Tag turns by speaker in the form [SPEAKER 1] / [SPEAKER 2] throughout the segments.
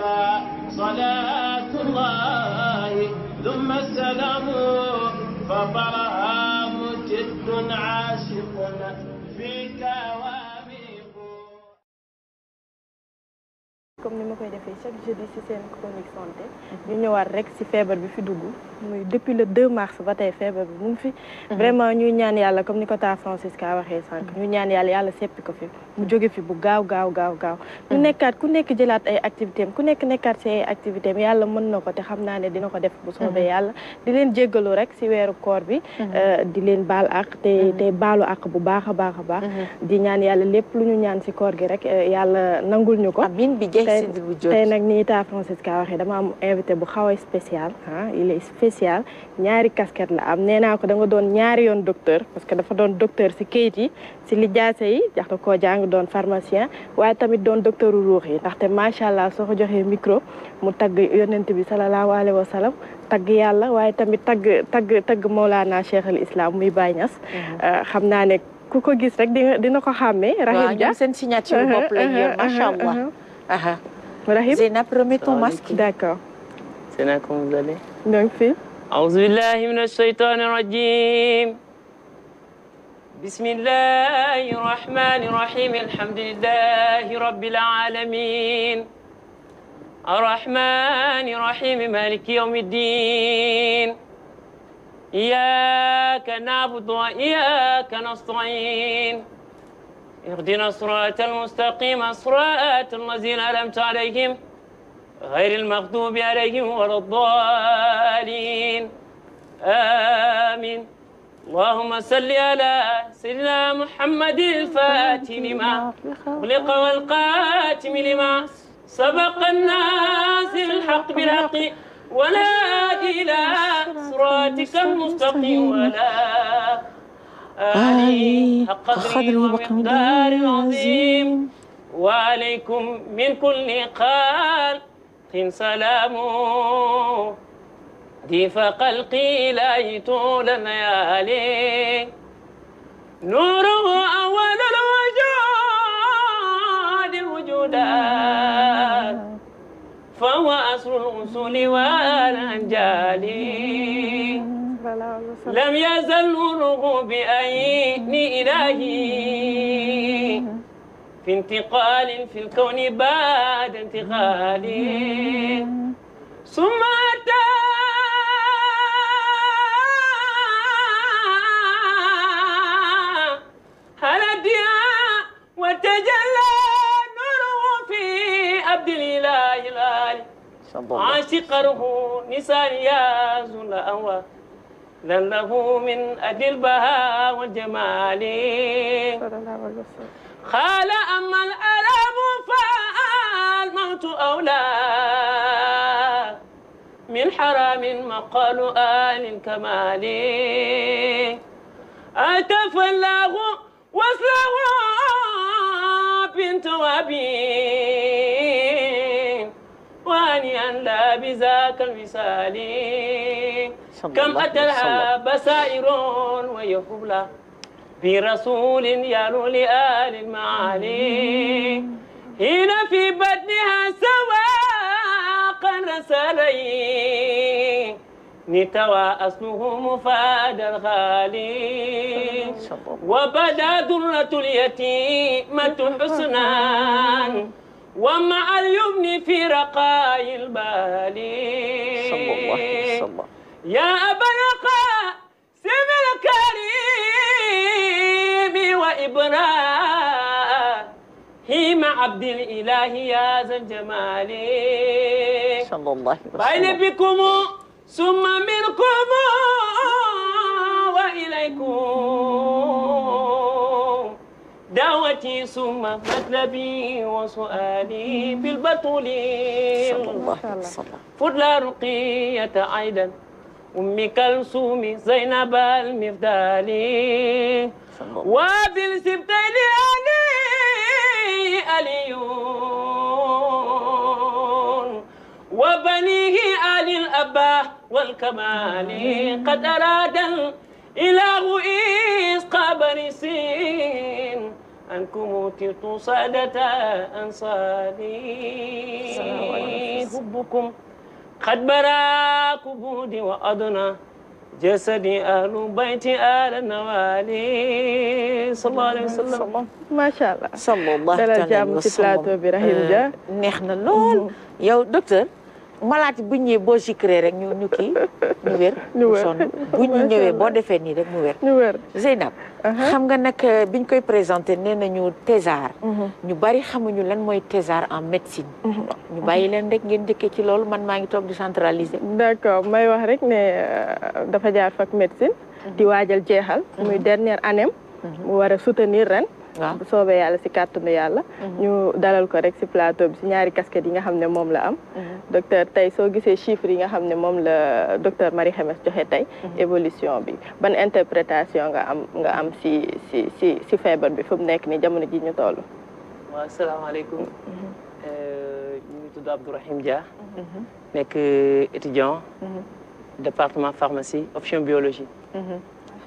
[SPEAKER 1] عليك صلاة الله ثم السلام
[SPEAKER 2] comme ni ma koy defee chaque jeudi ci seen chronique santé ñu ñëwaat rek ci feebar bi fi dugg muy depuis le 2 mars ba tey feebar bi mu fi
[SPEAKER 3] mhm. vraiment
[SPEAKER 2] ñuy ñaan yàlla comme ni ko taa Francisca waxee sànq mhm. ñu ñaan yàlla yàlla seppi ko fi mu jóge fi bu gaaw gaaw gaaw gaaw ku mhm. nekkaat ku nekk jëlaat ay activité am ku nekk nekkaat ci ay activité am yàlla mën na ko te xam naa ne dina ko def bu soobee yàlla di leen jéggalu rek ci weeru koor bi euh, di leen baal ak te baalu ak bu baax a baax a baax tey nag ni Ita Francesca waxee dama am invité bu xaw a spécial ah il est spécial ñaari casquette la am nee naa ko da nga doon ñaari yoon docteur parce que dafa doon docteur si kayit yi si lijaase yi jax da koo jàng doon pharmacien waaye tamit doon docteur u ruux yi ndaxte macha allah soo ko joxee micro mu tagg yonent bi salallaahu alayhi wa sallam tagg yàlla waaye tamit tagg tagg tagg Mawlana Cheikh al Islam muy Baye Niass mhm. ah, xam naa ne ku ko gis rek dina ko xàmmee. Rahim Dia seen signature bopp rahim Zeyna promettons masque. D'accord.
[SPEAKER 1] Zeyna, comment vous allez Donc, fille. أعوذ بالله من الشيطان الرجيم بسم الله الرحمن الرحيم الحمد لله رب العالمين الرحمن الرحيم مالك يوم الدين إياك نعبد وإياك نستعين اهدنا الصراط المستقيم صراط الذين أنعمت عليهم غير المغضوب عليهم ولا الضالين آمين اللهم صل على سيدنا محمد الفاتح لما خلق والقاتم لما سبق الناس الحق بالحق ولا إلى صراطك المستقيم ولا آلي حق قدري ومقدار عظيم وعليكم من كل قال قن سلام ضيف قلقي إلهي طول الليالي نوره أول الوجود الوجودات فهو أصل الأصول والأنجال لم يزل نوره بأين إلهي في انتقال في الكون بعد انتقال ثم أتى هل وتجلى نوره في عبد الإله الآلي عاشق روح نسان يا ذو الأوان ذا له من أجل البهاء والجمال قال أما الألم فالموت أولى من حرام مقال آل الكمال أتفلاه وصله بنت وابين وأني أن لا بذاك الوصال كم أتلها بسائر ويهبلا برسول يلو لآل المعالي هنا في بدنها سواقا رسلي نتوى أصله مفاد الغالي وبدا درة اليتيمة حسنا ومع اليمن في رقاي البالي صلى الله عليه وسلم يا أبا القاسم الكريم وإبراهيم عبد الإله يا ذا الجمال صلى الله وسلم بين بكم ثم منكم وإليكم دعوتي ثم مطلبي وسؤالي بالبطول صلى الله عليه وسلم فضل رقية أيضا ummi kalsumi zaynabal mifdali waabil sibtayni ali aliyun wa banihi alil abba wal kamali qad aradan ilahu isqabarisin أنكم تلتوا صادة أنصاري حبكم قد براك بودي وأدنى جسدي أهل بيتي آل النوالي صلى الله عليه
[SPEAKER 3] وسلم ما شاء الله صلى الله عليه وسلم dala jàmm ci plateau bi Rahim Dia neex na lool yow docteur malaat bu ñëwee boo jicré rek ñu ñu kii ñu wér bu ñu ñëwee boo defee nii rek mu wér ñu wér Zeynab xam nga nag euh, biñ koy présenté nee nañu thésard mhm. ñu bari xamuñu lan mooy thésard en médecine mhm.
[SPEAKER 2] ñu bàyyi leen rek ngeen njëkkee ci loolu man maa ngi toog di centraliser d'accord may wax rek ne euh, dafa jaar fac médecine mhm. di waajal jeexal muy dernière année mu war soutenir ren bu soobee yàlla si kàttanu yàlla mhm. ñu dalal ko rek si plateau bi si ñaari casquette yi nga xam ne moom la am mhm. docteur tey soo gisee chiffres yi nga xam ne moom la docteur Marie Khémesse joxe tey mhm. évolution bi ban interprétation nga am nga am si si si si feebar bi fu mu nekk ni jamono ji ñu toll
[SPEAKER 1] waaw asalaamaaleykum euh, ñu ngi tudd Abdourahim Dia nekk euh, étudiant département pharmacie option biologie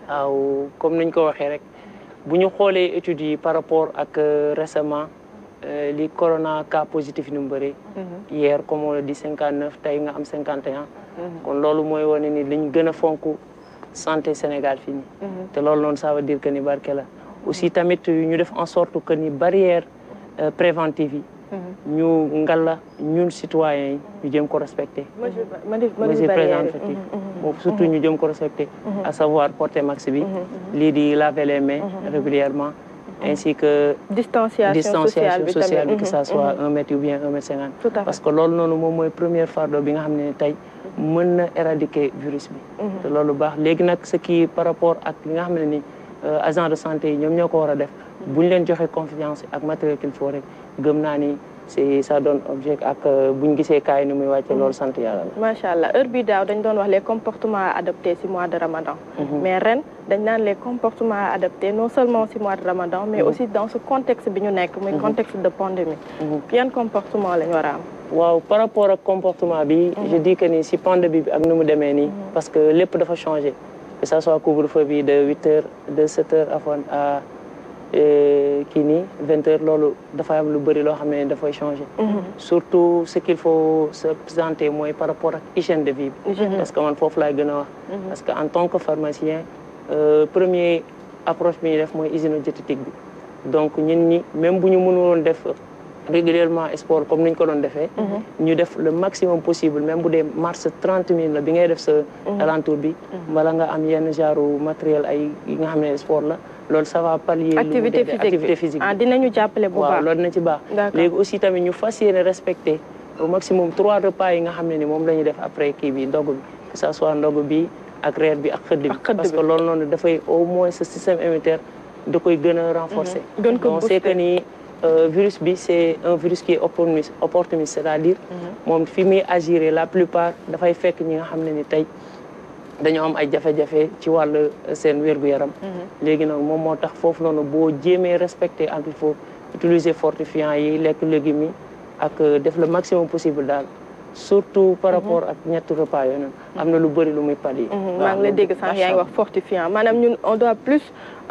[SPEAKER 1] waaw comme niñ ko waxee rek bu ñu xoolee études yi par rapport ak euh, récemment euh, li corona cas positif ni mu bëri. Mhm. hier comme on le cinquante neuf tey nga am cinquante et un. Mhm. kon loolu mooy wane ni liñ gën a fonk santé Sénégal fii mhm. te loolu noonu ça veut dire que ni barke la. aussi tamit ñu def en sorte que ni barrière euh, préventive yi. ñu ngalla ñun citoyens yi ñu jëm ko respecté.
[SPEAKER 2] mesure préventive mm-hmm, mm-hmm,
[SPEAKER 1] mm-hmm. surtout ñu jëm ko respecté. à savoir porter masque bi. lii di laver les mains régulièrement. ainsi que
[SPEAKER 2] distanciation, distanciation sociale, sociale mm -hmm. que ça soit mm -hmm.
[SPEAKER 1] un mètre bien un mètre cinquante parce que loolu noonu moom mooy première fardeau bi nga xam ne tey mën na éradiquer virus bi te loolu baax léegi nag sa qui par rapport ak li nga xam ne ni euh, agent de santé yi ñoom ñoo ko war a def bu ñu leen joxee confiance ak matériel qu'il faut rek gëm naa ni c'est ça donne objet ak euh, bu ñu gisee kaay nu muy wàcce loolu sant yàlla la.
[SPEAKER 2] macha allah heure bii daaw dañ doon wax les comportement adaptés mhm. ci mois de Ramadan. mais ren dañ naan les comportement adaptés non seulement si mois de Ramadan. mais aussi dans ce contexte bi ñu nekk. muy mhm. contexte de pandémie. Mhm. yan comportement lañ war am.
[SPEAKER 1] waaw par rapport ak comportement bi. je dis que ni ci pandémie bi ak nu mu demee nii. parce que lépp dafa changé. que ça soit couvre kii nii vingt heures loolu dafa am lu bëri loo xam ne dafay changer. Mhm. surtout ce qu'il faut se présenter mooy par rapport ak hygiène de vie bi. Mhm. Mhm. parce que man foofu laay gën a wax. parce que en tant que pharmacien euh, premier approche bi ñuy def mooy hygiéno-diététique bi donc ñun ñi même bu ñu mënuloon def. régulièrement sport comme niñ ko doon defee ñu def le maximum possible même bu dee marche trente minutes la bi ngay def sa alentour bi wala nga am yenn genre matériel loolu ça va pallier. activité physique activité physique ah
[SPEAKER 2] dinañu jàppale bu baax
[SPEAKER 1] waaw na ci baax. léegi aussi tamit ñu fas yéene respecté maximum trois repas yi nga xam ne ni moom la ñuy def après kii bi ndog bi que ça soit ndog bi ak reer bi ak xëdd bi. parce que loolu noonu dafay au moins ce système immunitaire da koy gën a renforcer. Mhm. gën euh, virus bi c' est un virus qui est opportuniste opportuniste c' est à dire. Mhm. moom fi muy agir la plupart dafay fekk ñi nga xam ne ni tey. dañoo am ay jafe-jafe ci wàll euh, seen wér-gu-yaram mhm. léegi nag moom moo tax foofu noonu boo jéemee respecté entre il faut utiliser fortifiant yi lekk légumes yi ak euh, def le maximum possible daal surtout par mhm. rapport ak ñetti repas yooyu am na lu bari lu muy pal yi mhm. maa ngi la dégg sànq yaa ngi wax
[SPEAKER 2] fortifiant maanaam ñu on doit plus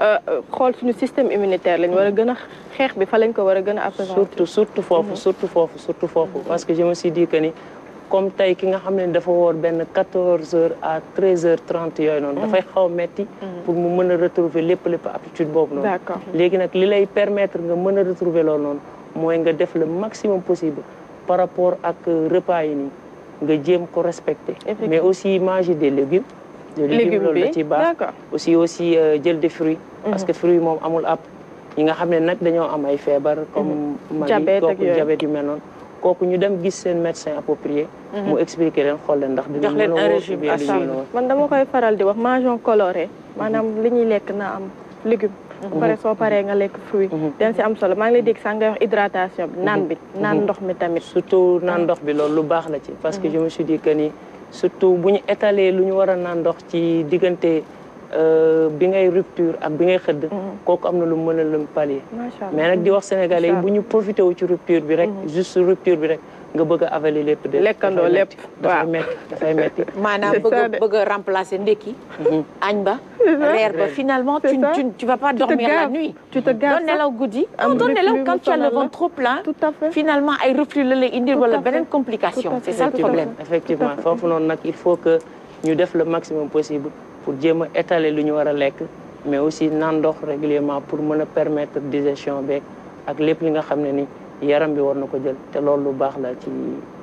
[SPEAKER 2] euh, xool suñu système immunitaire lañ war a gën a xeex bi fa lañ ko war a gën a surtout
[SPEAKER 1] surtout foofu surtout foofu surtout foofu parce que je comme tey ki nga xam ne dafa woor benn quatorze heures à treize heures trente yooyu noonu. Mm-hmm. dafay xaw metti mm-hmm. pour mu mën a retrouver lépp lépp habitude boobu noonu. léegi nag li lay permettre nga mën a retrouver loolu noonu mooy nga def le maximum possible par rapport ak euh, repas yi nii nga jéem ko respecter. mais aussi manger des légumes. des légumes loolu la ci baax aussi aussi euh, jël des fruits. Mm-hmm. parce que fruits moom amul app. ñi nga xam ne nag dañoo am ay feebar. comme magi kooku diabète yu mel noonu. kooku ñu dem gis seen médecin approprié mhm. mu expliquer leen xool leen ndax dinañ mën a woo
[SPEAKER 2] man dama koy faral di wax mangeons colorés maanaam mhm. li ñuy lekk na am légume mhm. soo paree nga lekk fruit dem si am solo maa ngi lay dégg sax ngay wax hydratation bi naan bi naan ndox mi tamit surtout naan ndox
[SPEAKER 1] bi loolu lu baax la ci parce que je me suis dit que ni surtout bu ñu étaler lu ñu war a naan ndox ci diggante Euh, bi ngay rupture ak bi ngay xëdd mm-hmm. kooku am na lu mën a lëm palier
[SPEAKER 2] mais nag di wax sénégalais yi bu
[SPEAKER 1] ñu profité wu ci rupture bi rek mm-hmm. juste rupture bi rek nga
[SPEAKER 3] bëgg a avaler lépp de lekkandoo lépp dafay metti dafay metti maanaam bëgg bëgg a remplacer ndékki mm-hmm. añ ba reer ba finalement tu tu vas pas dormir la nuit tu nelaw guddi non doon nelaw quand tu as le ventre trop plein finalement ay reflux la lay indil wala beneen complication c'est ça le problème
[SPEAKER 1] effectivement foofu noonu nag il faut que ñu def le maximum possible pour jéem a li ñu war a lekk mais aussi naan ndox régulièrement pour mën a permettre digestion beeg ak lépp li nga xam ne ni yaram bi war na ko jël te lool lu baax la ci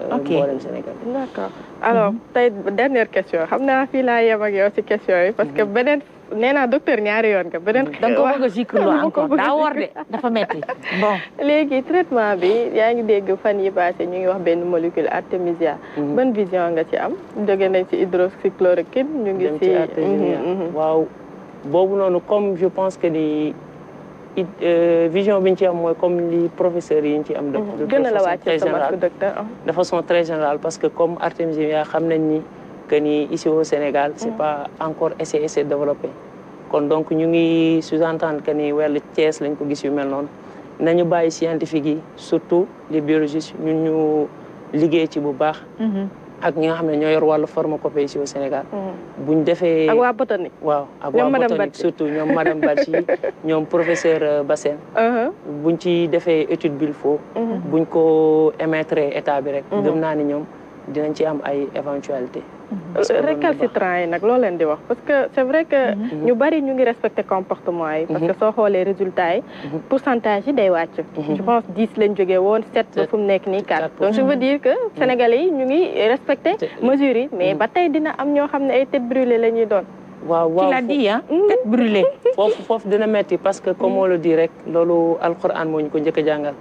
[SPEAKER 1] euh, mboolem Sénégal d'accord alors
[SPEAKER 2] tey dernière question xam naa fii laa yem yow ci question yi parce que mhm. beneen nee naa docteur ñaari yoon ka beneen da a zikirloo encore daa war de
[SPEAKER 3] dafa metti bon
[SPEAKER 2] léegi traitement bi yaa ngi dégg fan yi passé ñu ngi wax benn molécule artémisia mhm. ban vision nga ci am jóge nañ ci hydroxychloroquine ñu ngi ci mhm, mhm. waaw boobu noonu comme je pense que ni
[SPEAKER 1] euh, vision bi ñu ci am mooy comme li professeurs yi ñu ci am de gën a la wàcc docteur de façon très générale parce que comme artémisia yaa xam nañ ni que ni ici au Sénégal c'est mm. pas encore essayé c'est développé kon donc ñu ngi sous-entendre que ni wàllu Thiès lañ ko gis yu mel noonu nañu bàyyi scientifique yi surtout les biologistes ñun ñu liggéey ci bu baax mm-hmm. ak ñi nga xam ne ñoo yor wàllu pharmacopée ici au Sénégal mm. buñ defee ak waa botanique waaw ak waa botanique surtout ñoom madame Badji ñoom professeur euh, Bassène uh-huh. buñ ci defee étude bil mm-hmm. buñ ko émettre état bi rek mm-hmm. gëm naa
[SPEAKER 2] ni ñoom dinañ ci am ay éventualité
[SPEAKER 1] mhm. récalcitrant
[SPEAKER 2] yi nag loo leen di wax parce que c' est vrai que mhm. ñu mhm. bari ñu ngi respecté comportement yi parce que soo xoolee résultat yi pourcentage yi day wàcc je pense dix lañ jógee woon sept ba fu mu nekk nii quatre donc je veux dire que sénégalais yi ñu ngi respecté mesures yi mais ba tey dina am ñoo xam ne ay têtes brûlées la ñuy doon
[SPEAKER 1] waaw waaw tu l'as dit ah foofu foofu dina metti parce que comme on le dit rek loolu alquran moo ñu ko jëkk a jàngal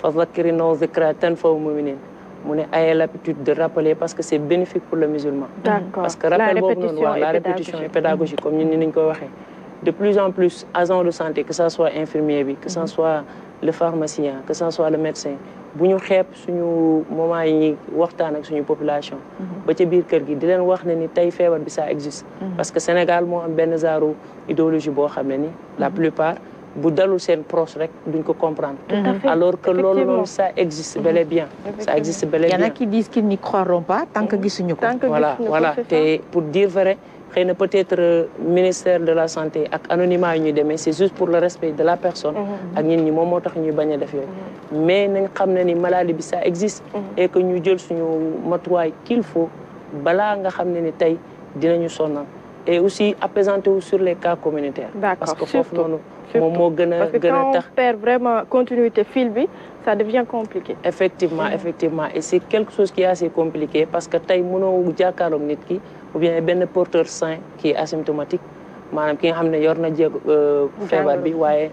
[SPEAKER 1] fa zakkiri naw zikra tanfa'u mu'minin mu ne ayez l'habitude de rappeler parce que c'est bénéfique pour le musulman.
[SPEAKER 2] parce que rappel boobu noonu la répétition
[SPEAKER 1] est pédagogique comme ñun ni ñu koy waxee. de plus en plus agent de santé que ça soit infirmier bi que ça mhm. soit le pharmacien que ça soit le médecin bu ñu xeeb suñu moment yi waxtaan ak suñu population. Mhm. ba ca biir kër gi di leen wax na ni tey feebar bi sa existe. Mhm. parce que Sénégal moo am benn zaaru idéologie boo xam ne ni la plupart. bu dalul seen proche
[SPEAKER 3] rek duñ ko comprendre. Mhm. alors que loolu loolu ça existe bel bien. ça existe bel et bien. y a qui tant que gisuñu ko. voilà voilà te pour dire vrai xëy na
[SPEAKER 1] peut-être euh, ministère de la santé ak anonymat yi ñuy demee c'est juste pour le respect de la personne. Mhm. ak ñun ñi moom moo tax ñuy bañ a def yooyu. Mhm. mais nañ xam ne ni maladie bi ça existe. et que ñu jël suñu matuwaay qu'il faut balaa nga xam ne ni tey dinañu sonnal. et aussi apaisanté wu sur les cas communautaires. parce que foofu noonu moom moo gën a gën a tax parce que quand on perd vraiment continuité fil bi ça devient compliqué. effectivement mm. effectivement et c' est quelque chose qui est assez compliqué parce que tey mënoo jàkkaarloog nit ki ou bien benn porteur sain qui est asymptomatique. maanaam ki xam ne yor na jéeg euh, feebar bi waaye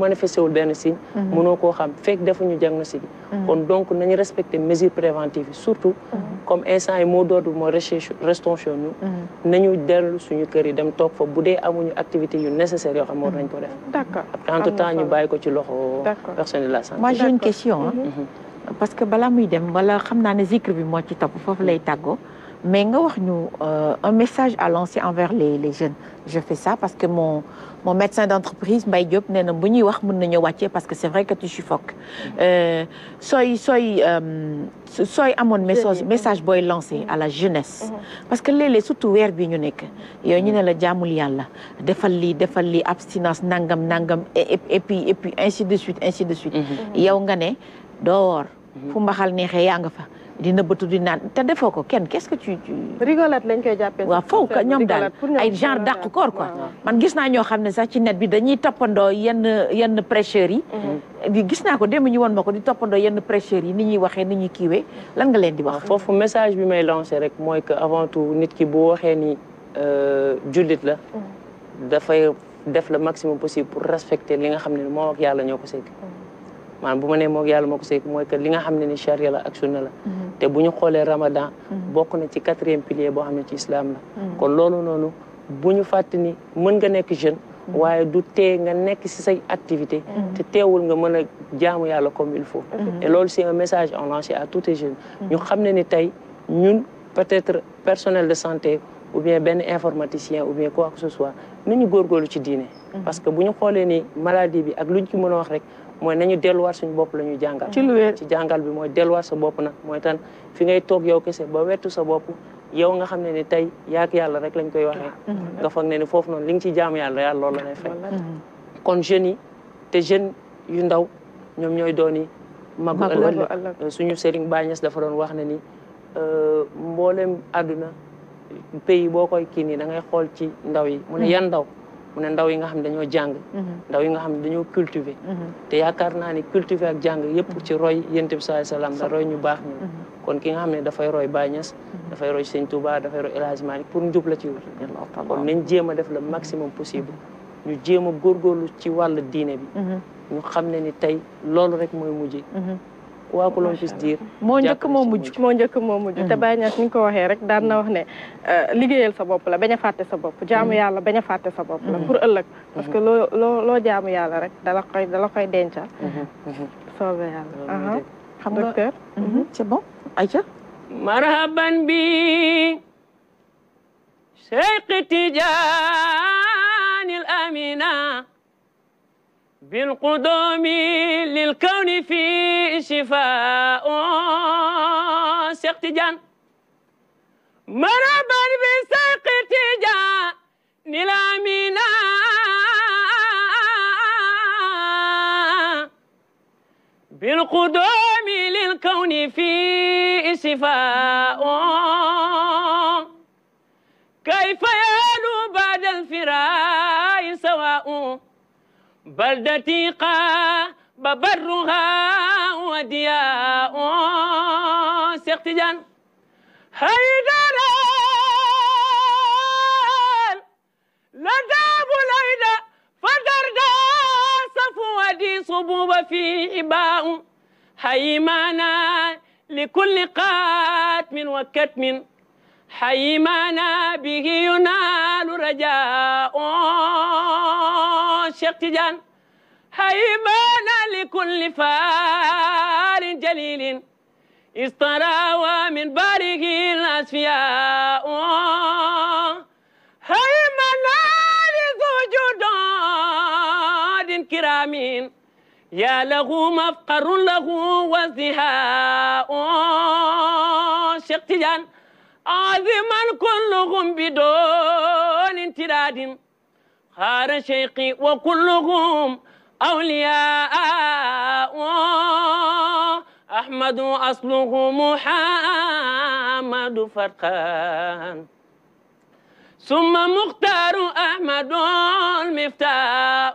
[SPEAKER 1] manifesté wul benn signe mhm. mënoo koo xam fekk defuñu diagnostic bi mhm. kon donc nañu respecter mesures préventives yi surtout mhm. comme instant yi moo d'ordre bi mooy restons chez nous nañu dellu suñu kër yi dem toog fa bu dee amuñu activité yu nécessaire yoo xam war nañ ko def
[SPEAKER 2] d'accord après entre temps ñu
[SPEAKER 1] bàyyi ko ci loxo personne de la santé moi j'ai une question
[SPEAKER 3] parce que balaa muy dem wala xam naa ne zikr bi moo ci topp foofu lay tàggoo mais nga wax ñu un message à lancer envers les jeunes je fais ça parce que mon mon médecin d'entreprise Mbaye Diop nee na bu ñuy wax mun nañoo wàccee parce que c'est vrai que tu suffoques mm-hmm. euh, sooy sooy euh, sooy amoon message message booy lancer mm-hmm. à la jeunesse mm-hmm. parce que léeg-léeg surtout weer bi ñu nekk yooyu ñu ne la jaamul yàlla defal lii defal lii abstinence nangam nangam et puis puis ainsi de suite ainsi de suite yow nga ne doo fu mbaxal neexee yaa nga fa di nëbbatu di naan te defoo ko kenn qu'est-ce que tu.
[SPEAKER 2] rigolade lañ koy jàppee. waaw foofu ñoom daal
[SPEAKER 3] ay genre dàq koor quoi. man gis naa ñoo xam ne sax ci net bi dañuy toppandoo yenn yenn prêcheurs yi. Mhm. di gis naa ko démb ñu woon ma ko di toppandoo yenn prêcheurs yi ni ñuy waxee ni ñuy kiiwee lan
[SPEAKER 1] nga leen di wax. foofu message bi may lancé rek mooy que avant tout nit ki bu waxee ni euh, jullit la. Mhm. dafay def la maximum possible pour respecter li nga xam ne moom ak yàlla ñoo ko sekk. maanaam bu ma nee moog yàlla moo ko sëy mooy que li nga xam ne ni charia la ak sunna la mhm. te bu ñu xoolee ramadan mhm. bokk na ci quatrième pilier boo xam ne ci islam la mhm. kon loolu noonu bu ñu fàtte ni mën nga nekk jeune waaye du tee nga nekk ci say activité te teewul nga mën a jaamu yàlla comme il faut et loolu c'est un message en lancé à tous les jeunes ñu xam ne ni tey ñun peut-être personnel de santé ou bien benn informaticien ou bien quoi que ni soit nañu góorgóorlu ci diine parce que bu ñu xoolee ni maladie bi ak luñ ci mën a wax rek mooy nañu delluwaat suñu bopp la ñuy jàngal ci lu wér ci jàngal bi mooy delluwaat sa bopp nag mooy tan fi ngay toog yow kese ba wetu sa bopp yow nga xam ne ni tey yaak yàlla rek lañ koy waxee ah, mhm. nga foog ne ni foofu noonu li nga ci jaam yàlla yàlla loolu la lay mhm. kon jeunes yi te jeunes yu ndaw ñoom ñooy doon yi magu euh, suñu sëriñ Baay dafa doon wax ne ni euh, mboolem àdduna pays boo koy kii nii da ngay xool ci ndaw yi mu ne mhm. yan ndaw mu ne ndaw yi nga xam ne dañoo jàng mhm. ndaw yi nga xam ne dañoo cultiver mhm. te yaakaar naa ni cultiver ak jàng yëpp ci roy yonent bi sallallahu alayhi wasallam la roy ñu baax ñu mhm. kon ki nga xam ne dafay roy Baay Ñas dafay roy Sëñ Tuubaa dafay roy El Hadji pour njub la ci wut kon nañ a def le a góorgóorlu ci diine bi ñu xam ne ni tey loolu rek mooy mujj quoi que l'on puisse dire moo njëkk moo mujj
[SPEAKER 2] moo moo mujj te mhm. Baye Niass ni nga ko waxee rek daan na wax ne euh, liggéeyal sa bopp la bañ a fàtte sa bopp jaamu mhm. yàlla bañ a fàtte sa bopp la mhm. pour ëllëg parce que loo loo jaamu yàlla rek dala koy dala koy dencal soobee yàlla xam nga docteur c'est bon Aïcha
[SPEAKER 1] marhaban
[SPEAKER 2] bi Cheikh Tidiane
[SPEAKER 1] al Amina بالقدوم للكون في شفاء سيق تجان مرحبا بسيق تجان نلامنا بالقدوم للكون في شفاء بلدتي قاب برها ودياء Seex Tijaan Haydara la daabu layda fadarda safu wadi sububa fi ibaa'u hayimaana likulli qatmin wa katmin حيمانا به ينال رجاء شيخ تجان هيبان لكل فار جليل استراوى من باره الأسفياء هيبان لذو جداد كرام يا له مفقر له وازدهاء شيخ تجان عظما كلهم بدون انتداد خار شيخي وكلهم أولياء أحمد أصله محمد فرقان ثم مختار أحمد المفتاح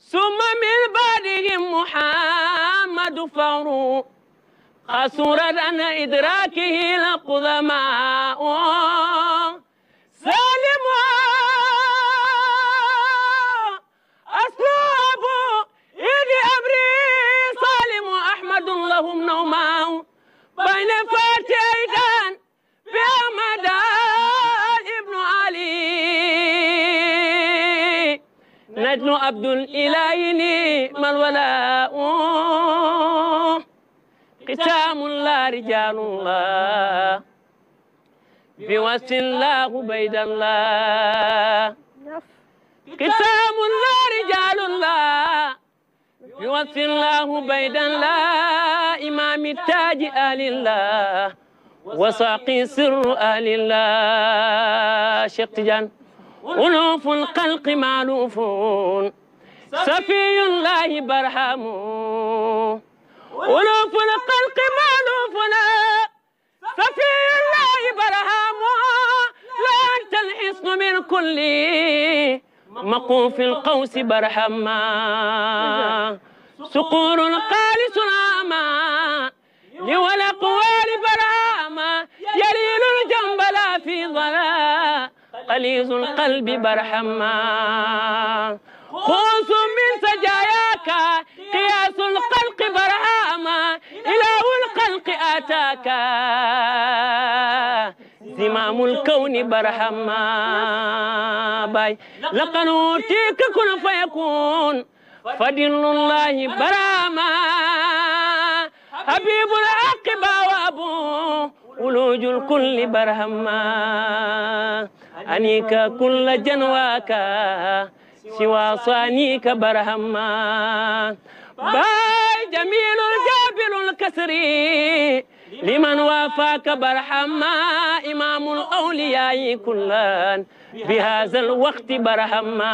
[SPEAKER 1] ثم من بعدهم محمد فور قصرت عن إدراكه القدماء عبد الإله ما الولاء ختام لا رجال الله بوس الله بيد الله ختام لا رجال الله بوس الله بيد الله إمام التاج آل الله وساقي سر آل الله شيخ تجان ألوف القلق معلوفون سفي الله برهام ألوف القلق معلوفنا سفي الله برهام لا أنت الحصن من كل مقوف القوس برهما سقور قالس الأعمى لولا قوال برهما يليل الجنبلا في ظلام أليز القلب برحما خوص من سجاياك قياس القلق برهاما إله القلق آتاك زمام الكون برحما باي لقد أوتيك كن فيكون فضل الله برهما حبيب العاقبة وأبوه ولوج الكل برهما أنيك كل جنواك سوى صانيك برهما باي جميل الجابل الكسري لمن وافاك برحما إمام الأولياء كلان بهذا الوقت برهما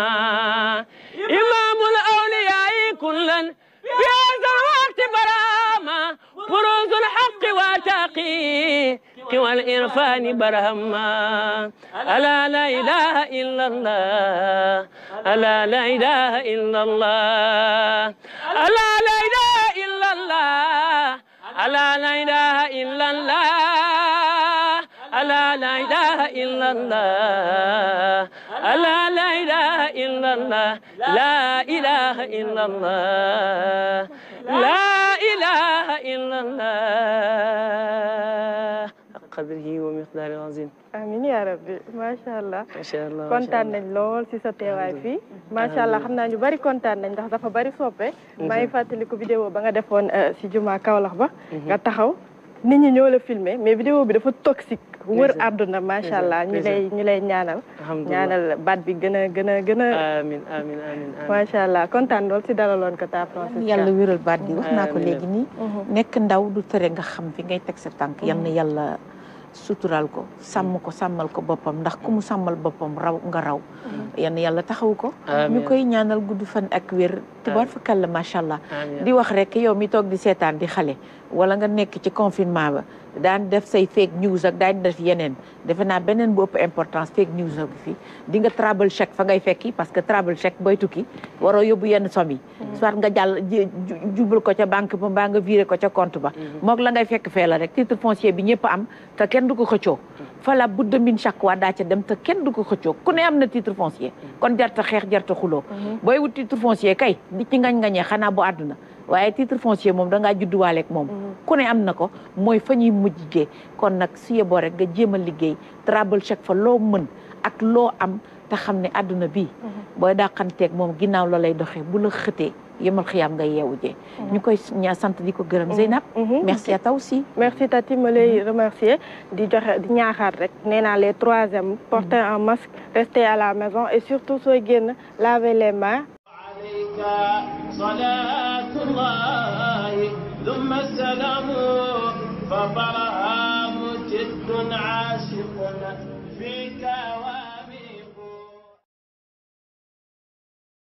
[SPEAKER 1] إمام الأولياء كلان بهذا الوقت برهما بروز الحق وتقي الحق والإرفان برهما ألا لا إله إلا الله ألا لا إله إلا الله ألا لا إله إلا الله ألا لا إله إلا الله ألا لا إله إلا الله ألا لا إله إلا الله لا إله إلا الله لا إله إلا الله xabrihi wa miqdaari azim amin yaa rabbi macha
[SPEAKER 2] allah macha allah kontaan nañ lool si sa teewaay fii macha allah xam naa ñu bari kontaan nañ ndax dafa bari soppe mhm. maa ngi fàttaliku vidéo ba nga defoon euh, si juma Kaolack ba mhm. nga taxaw nit ñi ñoo la filmé mais vidéo bi dafa toxique. wër àdduna macha allah ñu lay ñu lay ñaanal. ñaanal baat bi gën a gën a gën a. amiin macha allah kontaan lool si dalaloon ko ta Francisca. yàlla wéral baat bi wax naa ko léegi nii. nekk ndaw du tere nga xam
[SPEAKER 3] fi ngay teg sa tànk. yal na yàlla. sutural ko sàmm ko sàmmal ko boppam ndax ku mu sàmmal boppam raw nga raw yenn yàlla taxaw ko ñu koy ñaanal gudd fan ak wér tubaar fakal la macha allah di wax rekk yow mi toog di seetaan di xale wala nga nekk ci confinement ba daan def say fake news ak daan def yeneen defe naa beneen bu ëpp importance fake news ak fii di nga trouble check fa ngay fekki parce que trouble check booy tukki waroo yóbbu yenn somme yi mm-hmm. soit nga jàll jubal ko ca banque ba mbaa nga viré ko ca compte ba mm-hmm. moog la ngay fekk fee la rek titre foncier bi ñëpp am te kenn du ko xëccoo mm-hmm. fala bu demin chaque waa daa ca dem te kenn du ko xëccoo ku ne am na titre foncier kon jarta xeex jarta xuloo booy wut titre foncier kay di ci ngañ-ngañee xanaa bu àdduna waaye titre foncier moom dangaa judduwaaleeg moom mm-hmm. ku ne am na ko mooy fa ñuy mujjee kon nag su yeboo rek nga jéem liggéey trable chaque fa loo mën ak loo am te xam ne àdduna bi mm-hmm. booy dàqanteeg moom ginnaaw la lay doxee bu la xëtee yemal xiyaam nga yeewu jee mm-hmm. ñu koy sant di ko gërëm Zeynab merci à toi aussi
[SPEAKER 2] merci Tati ma lay di joxe di ñaaxaat rek nee naa les troisième porter un masque rester à la maison et surtout sooy génn laver les
[SPEAKER 1] عليك صلاة الله ثم السلام فطرها